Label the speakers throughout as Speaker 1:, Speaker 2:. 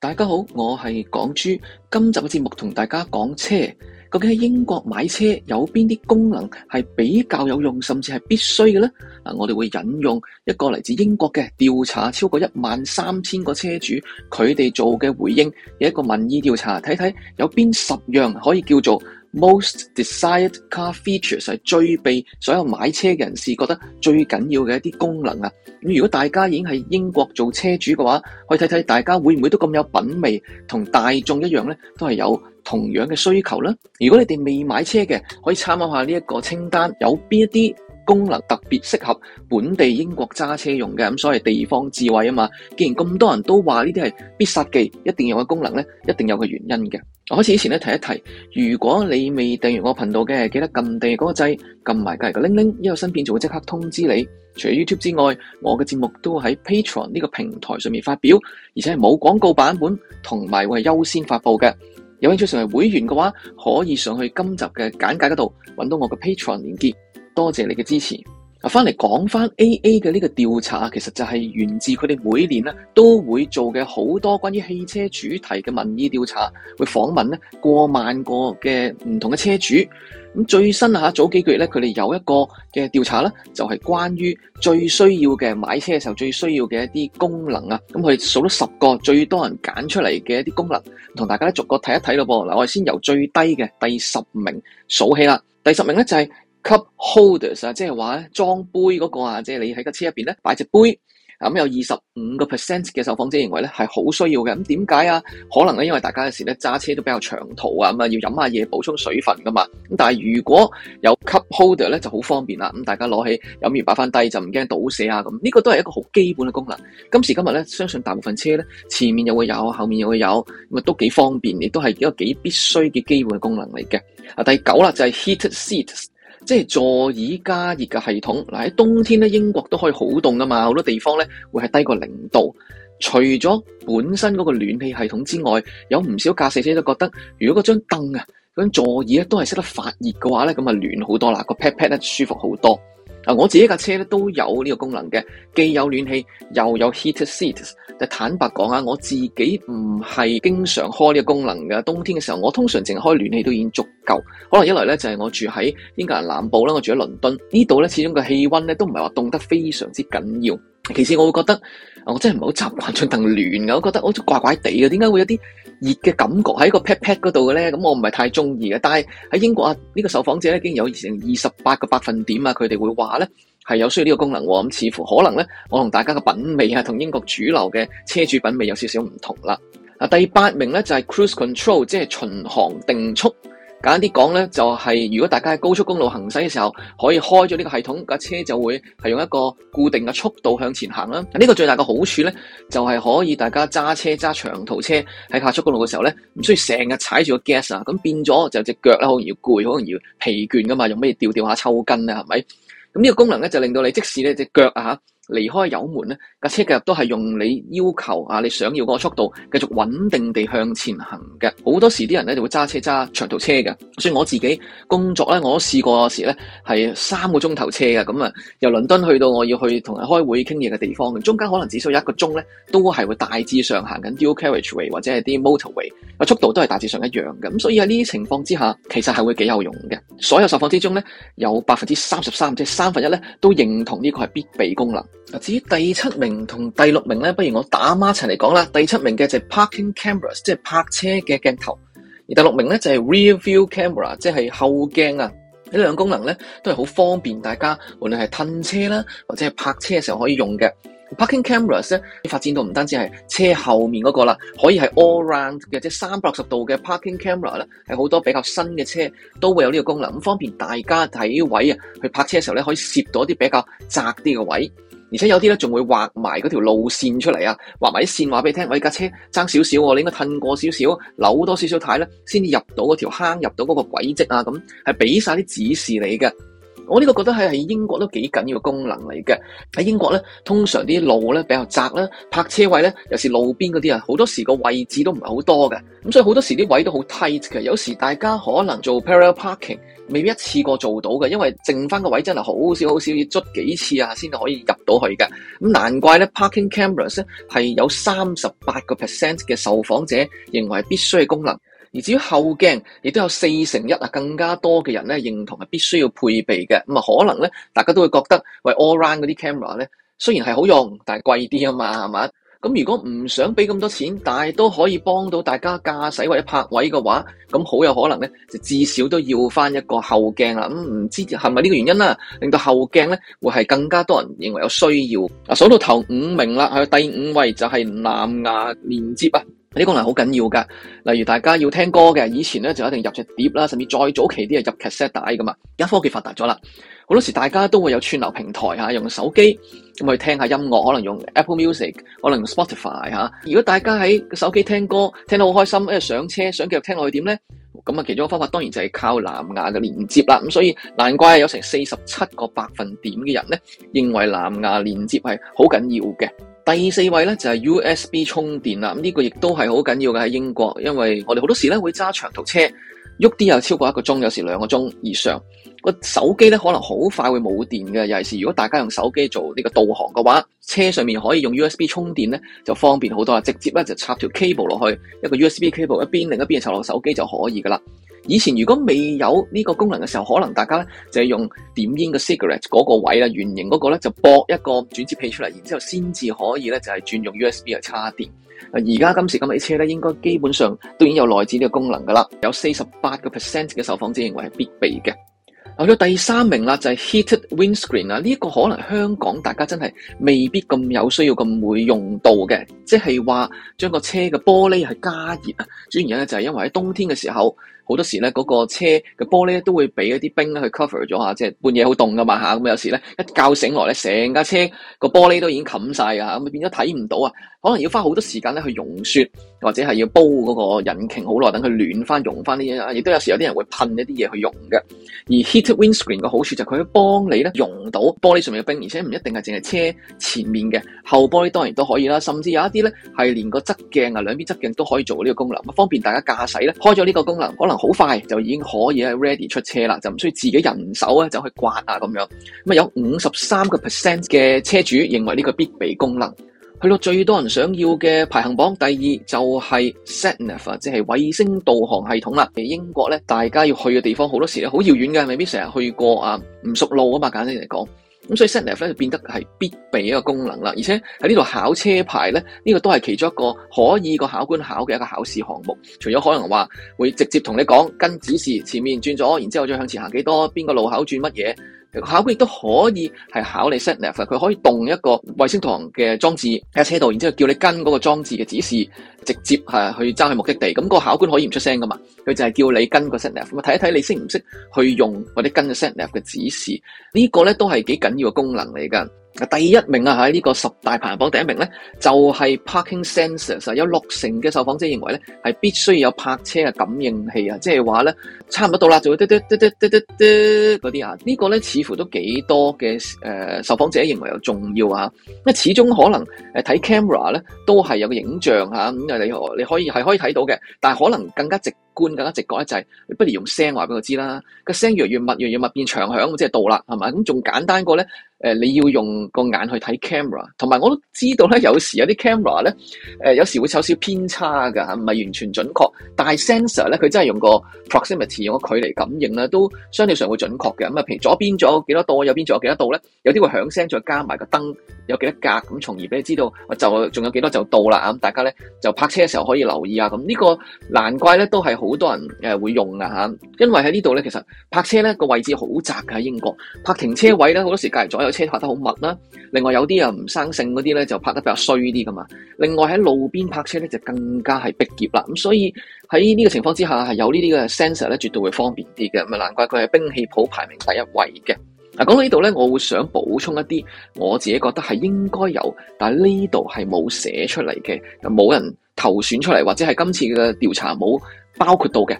Speaker 1: 大家好，我係港豬。今集嘅節目同大家講車，究竟喺英國買車有邊啲功能係比較有用，甚至係必須嘅呢？嗱，我哋會引用一個嚟自英國嘅調查，超過一萬三千個車主，佢哋做嘅回應，有一個民意調查，睇睇有邊十樣可以叫做。Most desired car features 係最被所有買車嘅人士覺得最緊要嘅一啲功能啊！咁如果大家已經係英國做車主嘅話，可以睇睇大家會唔會都咁有品味，同大眾一樣咧，都係有同樣嘅需求啦。如果你哋未買車嘅，可以參考下呢一個清單，有邊一啲功能特別適合本地英國揸車用嘅咁，所謂地方智慧啊嘛。既然咁多人都話呢啲係必殺技，一定有嘅功能咧，一定有個原因嘅。我開始之前呢，提一提，如果你未訂閱我頻道嘅，記得按訂閱嗰個掣，按埋隔籬個鈴鈴，一有新片就會即刻通知你。除了 YouTube 之外，我嘅節目都會喺 Patreon 呢個平台上面發表，而且係冇廣告版本，同埋會係優先發佈嘅。有興趣成為會員嘅話，可以上去今集嘅簡介嗰度，搵到我嘅 Patreon 連接。多謝你嘅支持。嗱，翻嚟講翻 AA 嘅呢個調查啊，其實就係源自佢哋每年咧都會做嘅好多關於汽車主題嘅民意調查，會訪問咧過萬個嘅唔同嘅車主。咁最新下早幾個月咧，佢哋有一個嘅調查咧，就係、是、關於最需要嘅買車嘅時候最需要嘅一啲功能啊。咁佢哋數咗十個最多人揀出嚟嘅一啲功能，同大家逐個睇一睇咯噃。嗱，我哋先由最低嘅第十名數起啦。第十名咧就係、是。cup holders 啊、那個，即係話咧裝杯嗰個啊，即係你喺架車入邊咧擺隻杯咁，有二十五個 percent 嘅受訪者認為咧係好需要嘅。咁點解啊？可能咧因為大家有時咧揸車都比較長途啊，咁啊要飲下嘢補充水分噶嘛。咁但係如果有 cup holder 咧就好方便啦。咁大家攞起飲完擺翻低就唔驚倒瀉啊咁。呢、這個都係一個好基本嘅功能。今時今日咧，相信大部分車咧前面又會有，後面又會有，咁啊都幾方便，亦都係一個幾必須嘅基本功能嚟嘅。啊，第九啦就係 heated seats。即係座椅加熱嘅系統，嗱喺冬天咧，英國都可以好凍噶嘛，好多地方咧會係低過零度。除咗本身嗰個暖氣系統之外，有唔少駕駛者都覺得，如果嗰張凳啊、嗰張座椅咧都係識得發熱嘅話咧，咁啊暖好多啦，個 pat pat 咧舒服好多。我自己架車咧都有呢個功能嘅，既有暖氣又有 heated seats。就坦白講啊，我自己唔係經常開呢個功能嘅，冬天嘅時候我通常淨係開暖氣都已經足。可能一來咧就係、是、我住喺英格蘭南部啦，我住喺倫敦呢度咧，始終個氣溫咧都唔係話凍得非常之緊要。其次我會覺得，我真係唔係好習慣進鄧亂嘅，我覺得好怪怪地嘅，點解會有啲熱嘅感覺喺個 pat pat 嗰度嘅咧？咁我唔係太中意嘅。但係喺英國啊，呢、這個受訪者咧已經有成二十八個百分點啊，佢哋會話咧係有需要呢個功能，啊。咁似乎可能咧，我同大家嘅品味啊，同英國主流嘅車主品味有少少唔同啦。啊，第八名咧就係、是、Cruise Control，即係巡航定速。簡單啲講咧，就係如果大家喺高速公路行駛嘅時候，可以開咗呢個系統，架車就會係用一個固定嘅速度向前行啦。呢個最大嘅好處咧，就係可以大家揸車揸長途車喺高速公路嘅時候咧，唔需要成日踩住個 gas 啊，咁變咗就隻腳咧，好容易攰，好容易疲倦噶嘛，用咩吊吊下抽筋啊，係咪？咁呢個功能咧就令到你即使你隻腳啊，離開油門咧。架車入都係用你要求啊，你想要個速度，繼續穩定地向前行嘅。好多時啲人咧就會揸車揸長途車嘅。所以我自己工作咧，我都試過時咧係三個鐘頭車嘅，咁啊由倫敦去到我要去同人開會傾嘢嘅地方，中間可能只需要一個鐘咧，都係會大致上行緊 Dual Carriageway 或者係啲 Motorway，速度都係大致上一樣嘅。咁所以喺呢啲情況之下，其實係會幾有用嘅。所有受訪之中咧，有百分之三十三，即係三分一咧，都認同呢個係必備功能。至於第七名。同第六名咧，不如我打孖陳嚟講啦。第七名嘅就係 parking cameras，即係泊車嘅鏡頭。而第六名咧就係、是、rear view camera，即係後鏡啊。呢兩個功能咧都係好方便大家，無論係褪車啦，或者係泊車嘅時候可以用嘅。parking cameras 咧發展到唔單止係車後面嗰、那個啦，可以係 all round 嘅，即係三百六十度嘅 parking camera 咧，係好多比較新嘅車都會有呢個功能，咁方便大家睇位啊，去泊車嘅時候咧可以攝到一啲比較窄啲嘅位。而且有啲咧仲會畫埋嗰條路線出嚟啊，畫埋啲線話俾你聽，我依架車爭少少，你應該褪過少少，扭多少少睇咧，先至入到嗰條坑，入到嗰個軌跡啊，咁係俾晒啲指示你嘅。我呢個覺得係喺英國都幾緊要嘅功能嚟嘅。喺英國咧，通常啲路咧比較窄啦，泊車位咧又是路邊嗰啲啊，好多時個位置都唔係好多嘅。咁所以好多時啲位都好 tight 嘅。有時大家可能做 parallel parking，未必一次過做到嘅，因為剩翻個位真係好少好少，要捽幾次啊先可以入到去嘅。咁難怪咧，parking cameras 咧係有三十八個 percent 嘅受訪者認為必須嘅功能。而至於後鏡，亦都有四成一啊，更加多嘅人咧認同係必須要配備嘅。咁啊，可能咧，大家都會覺得喂 all round 嗰啲 camera 咧，雖然係好用，但係貴啲啊嘛，係嘛？咁如果唔想俾咁多錢，但係都可以幫到大家駕駛或者泊位嘅話，咁好有可能咧，就至少都要翻一個後鏡啦。咁唔知係咪呢個原因啦，令到後鏡咧會係更加多人認為有需要。啊，數到頭五名啦，係第五位就係藍牙連接啊。呢功能好緊要噶，例如大家要聽歌嘅，以前咧就一定入一隻碟啦，甚至再早期啲係入 cassette 帶噶嘛。而家科技發達咗啦，好多時候大家都會有串流平台吓，用手機咁去聽下音樂，可能用 Apple Music，可能用 Spotify 吓、啊。如果大家喺手機聽歌聽得好開心，一上車想繼續聽落去點咧？咁啊，其中一個方法當然就係靠藍牙嘅連接啦。咁所以難怪有成四十七個百分點嘅人咧，認為藍牙連接係好緊要嘅。第四位咧就係 USB 充電啦，咁、這、呢個亦都係好緊要嘅，喺英國，因為我哋好多時咧會揸長途車，喐啲又超過一個鐘，有時兩個鐘以上，個手機咧可能好快會冇電嘅，尤其是如果大家用手機做呢個導航嘅話，車上面可以用 USB 充電咧就方便好多啦，直接咧就插條 cable 落去，一個 USB cable 一邊，另一邊插落手機就可以噶啦。以前如果未有呢個功能嘅時候，可能大家咧就係用點煙嘅 cigarette 嗰個位啦，圓形嗰個咧就駁一個轉接器出嚟，然之後先至可以咧就係轉用 USB 去叉電。而家今時今日啲車咧，應該基本上都已經有內置呢個功能噶啦，有四十八個 percent 嘅受訪者認為係必備嘅。嚟咗第三名啦，就係 heated windscreen 啊！呢一個可能香港大家真係未必咁有需要咁會用到嘅，即係話將個車嘅玻璃係加熱啊。主要原因咧就係因為喺冬天嘅時候。好多時咧，嗰個車嘅玻璃都會俾一啲冰咧去 cover 咗下，即係半夜好凍噶嘛嚇。咁有時咧一覺醒落咧，成架車個玻璃都已經冚晒啊，咁變咗睇唔到啊。可能要花好多時間咧去溶雪，或者係要煲嗰個引擎好耐，等佢暖翻溶翻啲嘢。亦都有時有啲人會噴一啲嘢去溶嘅。而 heated windscreen 嘅好處就係佢幫你咧溶到玻璃上面嘅冰，而且唔一定係淨係車前面嘅，後玻璃當然都可以啦。甚至有一啲咧係連個側鏡啊，兩邊側鏡都可以做呢個功能，方便大家駕駛咧。開咗呢個功能，可能好快就已經可以喺 ready 出車啦，就唔需要自己人手咧就去刮啊咁樣。咁啊有五十三個 percent 嘅車主認為呢個必備功能，去到最多人想要嘅排行榜第二就係 s e t n a 即係衛星導航系統啦。英國咧，大家要去嘅地方好多時咧好遙遠嘅，未必成日去過啊，唔熟路啊嘛，簡單嚟講。咁所以 satnav 就變得係必備一個功能啦，而且喺呢度考車牌咧，呢個都係其中一個可以個考官考嘅一個考試項目，除咗可能話會直接同你講，跟指示前面轉左，然之後再向前行幾多，邊個路口轉乜嘢。考官亦都可以係考你 sat nav，佢可以動一個衛星導航嘅裝置喺車度，然之後叫你跟嗰個裝置嘅指示，直接係去揸去目的地。咁、嗰個考官可以唔出聲噶嘛？佢就係叫你跟個 sat nav，咁啊睇一睇你識唔識去用或者跟個 sat nav 嘅指示。呢個、呢個咧都係幾緊要嘅功能嚟噶。第一名啊，喺、這、呢個十大排行榜第一名咧，就係、是、Parking Sensors。有六成嘅受訪者認為咧，係必須有泊車嘅感應器啊，即係話咧，差唔多到啦，就會嘟嘟嘟嘟嘟嘟嘟嗰啲啊。這個、呢個咧似乎都幾多嘅、呃、受訪者認為有重要啊。因為始終可能睇、呃、camera 咧，都係有個影像嚇咁啊，嗯、你你可以係可以睇到嘅，但係可能更加直。觀更加直覺咧，就係不如用聲話俾我知啦。個聲越嚟越密，越嚟越密變長響，即係到啦，係咪？咁仲簡單過咧，誒你要用個眼去睇 camera，同埋我都知道咧，有時有啲 camera 咧，誒有時會有少少偏差㗎嚇，唔係完全準確。但係 sensor 咧，佢真係用個 proximity 用個距離感應咧，都相對上會準確嘅。咁啊，譬如左邊仲有幾多度，右邊仲有幾多度咧？有啲會響聲，再加埋個燈有幾多格，咁從而俾你知道，就仲有幾多就到啦啊！咁大家咧就泊車嘅時候可以留意啊。咁呢個難怪咧都係好。好多人誒會用啊吓，因為喺呢度咧，其實泊車咧，個位置好窄噶，喺英國泊停車位咧，好多時隔離左右車泊得好密啦。另外有啲啊唔生性嗰啲咧，就泊得比較衰啲噶嘛。另外喺路邊泊車咧，就更加係逼攪啦。咁所以喺呢個情況之下，係有呢啲嘅 sensor 咧，絕對會方便啲嘅。咁啊，難怪佢係兵器譜排名第一位嘅。嗱，講到呢度咧，我會想補充一啲我自己覺得係應該有，但係呢度係冇寫出嚟嘅，冇人投選出嚟，或者係今次嘅調查冇。包括到嘅。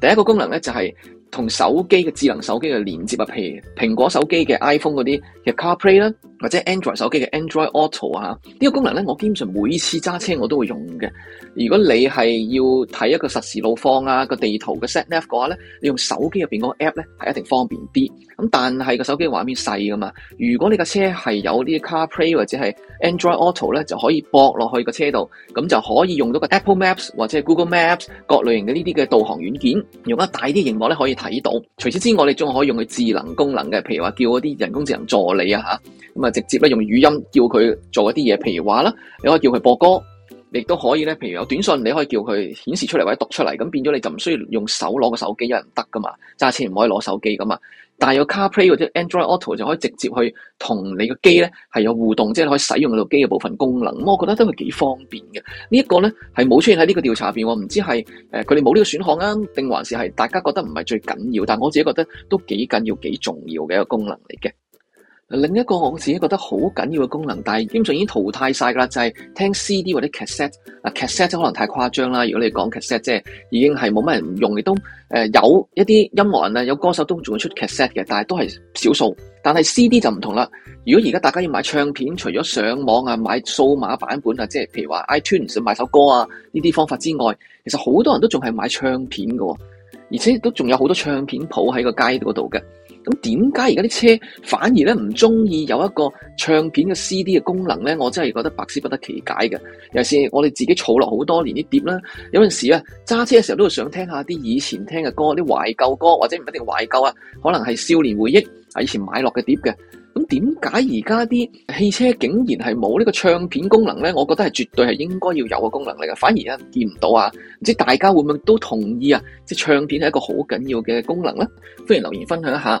Speaker 1: 第一個功能咧就係、是、同手機嘅智能手機嘅連接啊，譬如蘋果手機嘅 iPhone 嗰啲嘅 CarPlay 啦，或者 Android 手機嘅 Android Auto 啊，呢、這個功能咧我基本上每次揸車我都會用嘅。如果你係要睇一個實時路況啊，個地圖嘅 Set Map 嘅話咧，你用手機入邊嗰個 App 咧係一定方便啲。咁但係個手機畫面細噶嘛，如果你架車係有啲 CarPlay 或者係 Android Auto 咧，就可以駁落去個車度，咁就可以用到個 Apple Maps 或者係 Google Maps 各類型嘅呢啲嘅導航軟件。用大一大啲螢幕咧可以睇到，除此之外，你仲可以用佢智能功能嘅，譬如話叫嗰啲人工智能助理啊吓，咁啊直接咧用語音叫佢做一啲嘢，譬如話啦，你可以叫佢播歌，亦都可以咧，譬如有短信，你可以叫佢顯示出嚟或者讀出嚟，咁變咗你就唔需要用手攞個手機唔得噶嘛，揸車唔可以攞手機噶嘛。但有 CarPlay 或者 Android Auto 就可以直接去同你個機咧係有互動，即係可以使用到機嘅部分功能，咁我覺得都係幾方便嘅。這個、呢一個咧係冇出現喺呢個調查入邊，我唔知係誒佢哋冇呢個選項啊，定還是係大家覺得唔係最緊要，但我自己覺得都幾緊要、幾重要嘅一個功能嚟嘅。另一個我自己覺得好緊要嘅功能，但係基本上已經淘汰晒㗎啦，就係、是、聽 CD 或者 cassette 啊，cassette 可能太誇張啦。如果你講 cassette，即係已經係冇乜人唔用，亦都誒有一啲音樂人啊，有歌手都仲會出 cassette 嘅，但係都係少數。但係 CD 就唔同啦。如果而家大家要買唱片，除咗上網啊買數碼版本啊，即係譬如話 iTunes 買首歌啊呢啲方法之外，其實好多人都仲係買唱片嘅，而且都仲有好多唱片鋪喺個街嗰度嘅。咁點解而家啲車反而咧唔中意有一個唱片嘅 CD 嘅功能咧？我真係覺得百思不得其解嘅。尤其是我哋自己儲落好多年啲碟啦，有陣時啊揸車嘅時候都會想聽下啲以前聽嘅歌，啲懷舊歌或者唔一定懷舊啊，可能係少年回憶啊，以前買落嘅碟嘅。咁點解而家啲汽車竟然係冇呢個唱片功能咧？我覺得係絕對係應該要有嘅功能嚟嘅，反而啊見唔到啊，唔知大家會唔會都同意啊？即係唱片係一個好緊要嘅功能咧。歡迎留言分享一下。